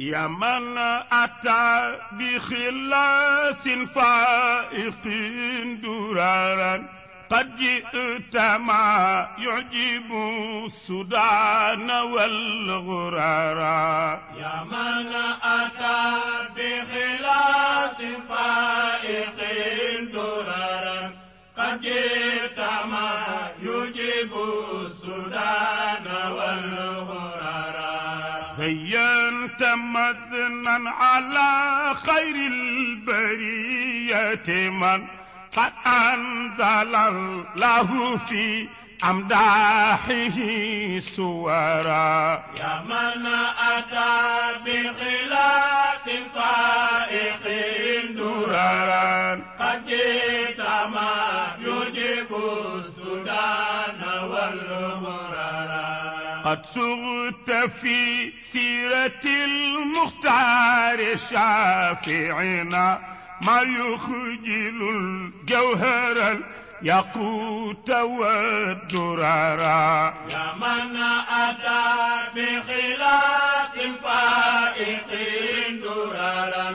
يا من أتى بخلاص فائق درارا قد جئت ما يعجب السودان والغرارا يا من أتى بخلاص ذما على خير البرية من قد أنزل الله في أمداحه سورا يا من أتى بخلاص فائق دررا قد جئت قد سغت في سيرة المختار شافعنا ما يخجل الجوهر الياقوت والدرارا يا من أتى بخلاص فائق درارا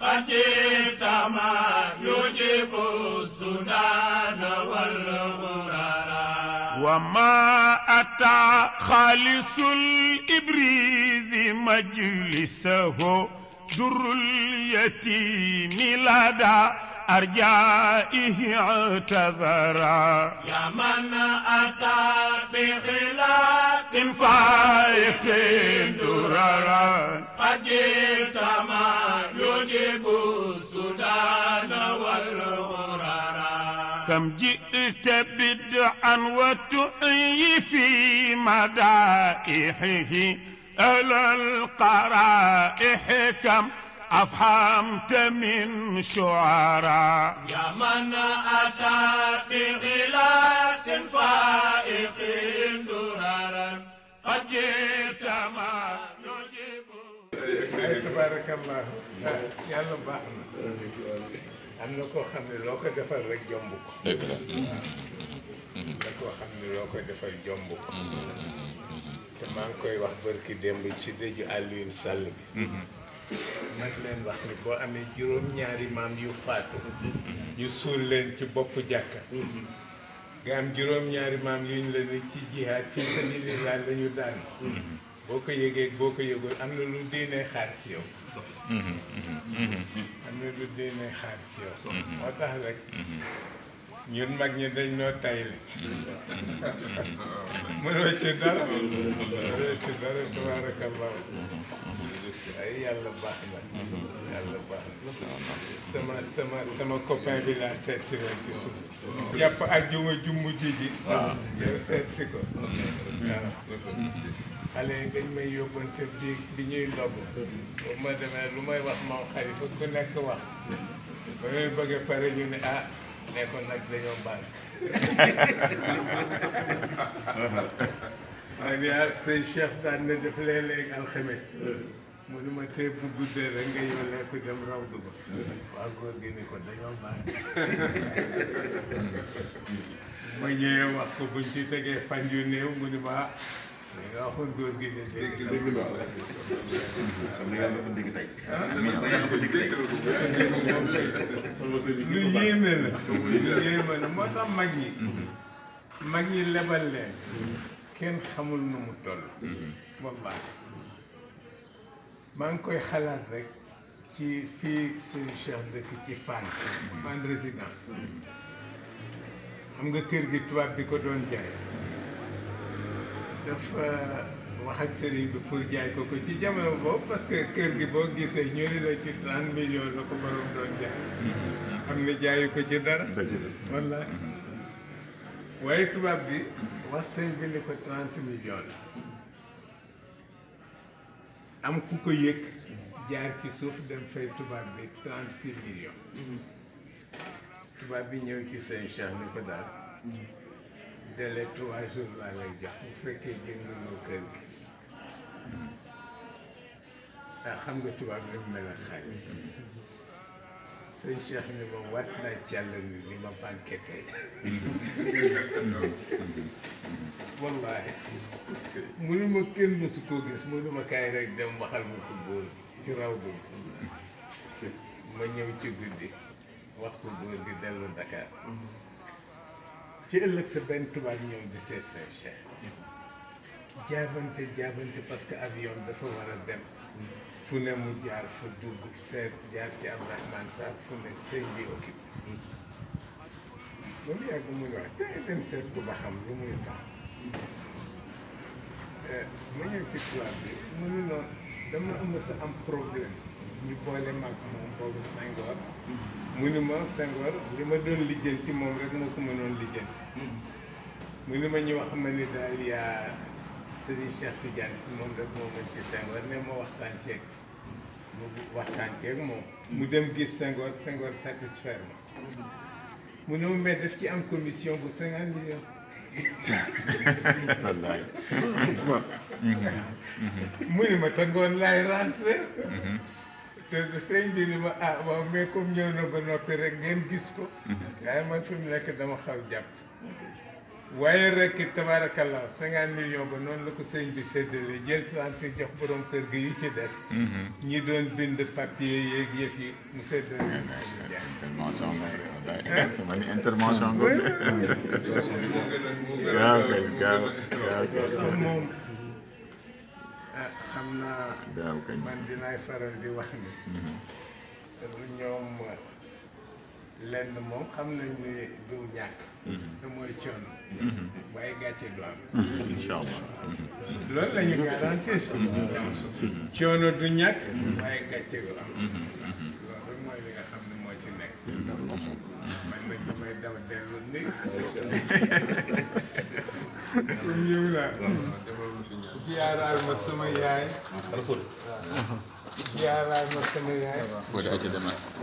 قد جئت ما يجب السنان والغرارا وما أتى خالص الإبريز مجلسه در اليتيم لدى أرجائه اعتذرا يا من أتى بخلاص فائق دررا قد جئت ما يجب السودان والوطن كم جئت بدعا وتعي في مدائحه ألا القرائح كم أفحمت من شعراء يا من أتى بغلاس فائق درارا قد جئت ما يجيب تبارك الله يا الله am na koo xam ne loo ko defar rek jomb ko. la. koo xam ne loo ko defar jomb ko. Mm-hmm. te maa ngi koy wax bër ki démb ci dëju Alioune Sall bi. Mm-hmm. man leen wax ni boo amee juróom-ñaari maam yu faatu. Mm-hmm. ñu suul leen ci boppu jàkka. nga am juróom-ñaari maam yuñ la ni ci jihaad fii sabilillah la ñu daan. boo ko yëgee boo ko yëgul am na lu diine xaar ci yow. Mm-hmm. am na lu diine xaar ci yow. Mm-hmm. moo tax rek mm-hmm. ñun mag ñi dañ noo tayle. mënoo ci dara. mënoo ci dara tabaarakallaahu. ay yàlla baax na. yàlla baax na. sama sama sama copain bi laa seet si jàpp ak juma jumbu ji ji. waaw ah. yow seet si ko. waaw. xale yi dañ may yóbbante bi bi ñuy ndob bu ma demee lu may wax moom xalifa ku nekk wax ba may bëgg a pare ñu ne ah nekkoon nag dañoo baal man yaa ne ma tey bu guddee rek ko dañoo baal ma ñëwee wax ko buñ ci tegee fan yu néew mu ne ma góor gi de dégg dégg lool lu yéeme la lu yéeme la moo tax mag ñi mag ñi lebal leen kenn xamul nu mu toll wallaay maa ngi koy xalaat rek ci fii seen chef dëkk ci Fann Fann résidence xam nga kër gi tubaab bi ko doon jaay dafa wax ak sëriñ bi pour jaay ko ko ci jamono boobu parce que kër gi boo gisee ñu ne la ci trente millions la ko borom doon jaay xam ne jaayu ko ci dara walla waaye tubaab bi wax sëñ bi ne ko trente millions la am ku ko yëg jaar ci suuf dem fay tubaab bi trente six millions mm-hmm. tubaab bi ñëw ci sëñ Cheikh ni ko daal mm-hmm. délai trois laa lay jox bu fekkee jënduloo kër gi ndax xam nga tubaab li mu mel ak xaalis ni ma wat naa càlla ni ma banqué tey wallaahi mënuma kenn mësu koo gis mënuma kaay rek dem waxal ma ko góor ci raw bi ma ñëw ci guddi wax ko góor gi dellu Dakar ci ëllëg sa benn tubaab ñëw di seet say cheikh jaabante jaabante parce que avion dafa war a dem fu ne mu jaar fa dugg seet jaar ci Abdourahmane Sarr fu ne sëñ bi occupé ba mu yàgg muy wax te dem seet ko ba xam lu muy tax eh, ma ñëw ci tubaab bi mu ne noonu dama ëmb sa am problème ñu boole mag moom boobu Senghor mu ni ma Senghor li ma doon lijjanti moom rek moo ko mënoon lijjanti. mu ni ma ñu wax ma ni daal yaa Serigne Cheikh Tidiane si moom rek moo mën ci Senghor ne ma waxtaan ceeg mu waxtaan ceeg moom. mu dem gis Senghor Senghor satisfaire ma. mu ne ma mais ci am commission bu cinquante millions. wallaay. mu ni ma tënkoon laay rentré. Mhm. te sëñ bi ni ma ah waaw mais ñëw na ba noppi rek ngeen gis ko. Mhm. waaye man fi mu nekk dama xaw jàpp. waaye rek tabaarakallaa cinquante million ba noonu la ko sëñ bi séddale jël trente si jox borom kër gi yi ci des. Mhm. ñi doon bind papier yeeg yëf yi mu séddale. intervention nga intervention nga. moo gën a moo gën a moom ah xam naa. daaw kañ man dinaay faral di wax ni. lu mhm. ñoom lenn moom xam nañ ni du ñàkk. Mhm. te mooy coono. Mhm. waaye gàcce du am. incha allah loolu la ñu garantir. coono du ñàkk. waaye gàcce du am. loolu mooy nga xam ne moo ci nekk. man nag damay daw dellu ni. comme yow laa. ziyaaraal ma sama yaay. ziyaaraal ma sama yaay.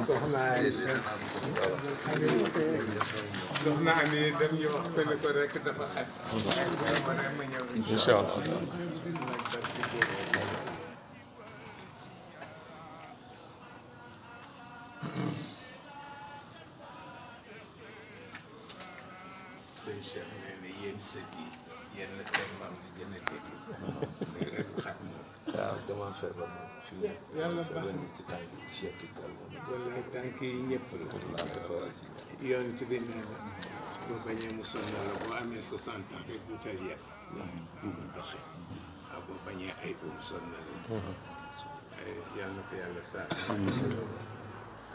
soxna Ayisa. soxna Amie dañuy wax ko ne ko rek yàlla baax na wallaay tànk yi ñëpp la yoon ci bi nee na boo bañee mu sonn la boo amee soixante ans rek bu tal yàpp du ko doxe waaw boo bañee ay um sonn la yàlla na ko yàlla saa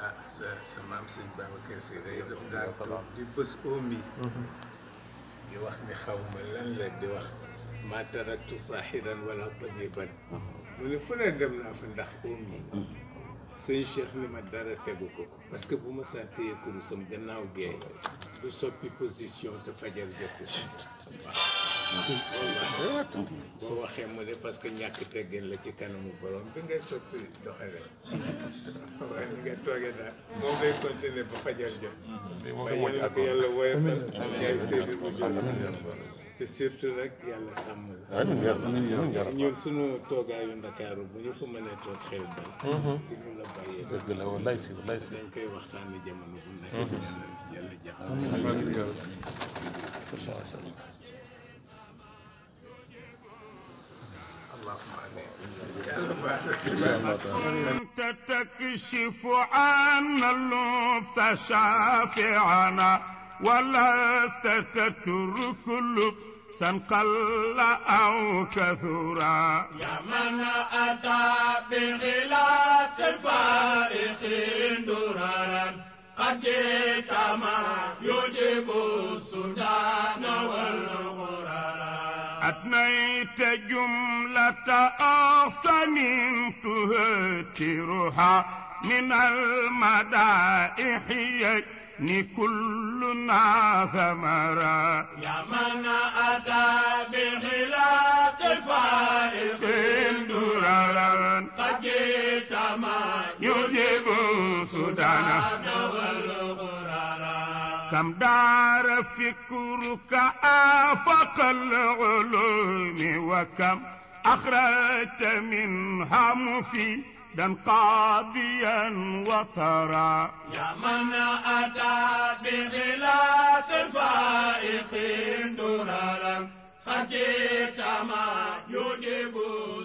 ah sa sa maam sëñ Babacar Si day daf daan toog di bés omi di wax ni xaw ma lan la di wax ma taraktu saaxiran wala tabiban mu ne fu ne dem naa fa ndax omi sëñ Cheikh ni ma dara tegu ko ko parce que bu ma santee kuru gannaaw gee du soppi position te fajar jotu waaw boo waxee mu ne parce que ñàkk teggin la ci kanamu borom bi ngay soppi doxale waaye nga toogee daal moom lay continuer ba fajar jot waaye yal ko yàlla woyofal ngay seeti bu jot te surtout rek yàlla sàmm la. Ah, ñun sunu toogaayu ndakaaru bu ñu fa mënee toog xel dal. fi mm-hmm. ñu la bàyyee. dëgg la walaay si walaay si. dañ koy waxtaanee jamono bu nekk. yàlla jàpp. أنت تكشف عنا اللبس شافعنا ولا استتر كل سنقل أو كثرا يا من أتى بغلاس الفائقين درارا قد جئت ما يجيب السودان والغرارا أتنيت جملة أحسن تهترها من المدائح ni كلنا ثمرا يا من أتى بخلاص فائق دررا قد جئت ما يجيب سدانا كم دار فكرك آفاق العلوم وكم أخرجت منها مفيد دا قاضيا وثرا يا من أتى بخلاص الفائقين درارا حكيت ما يجيبون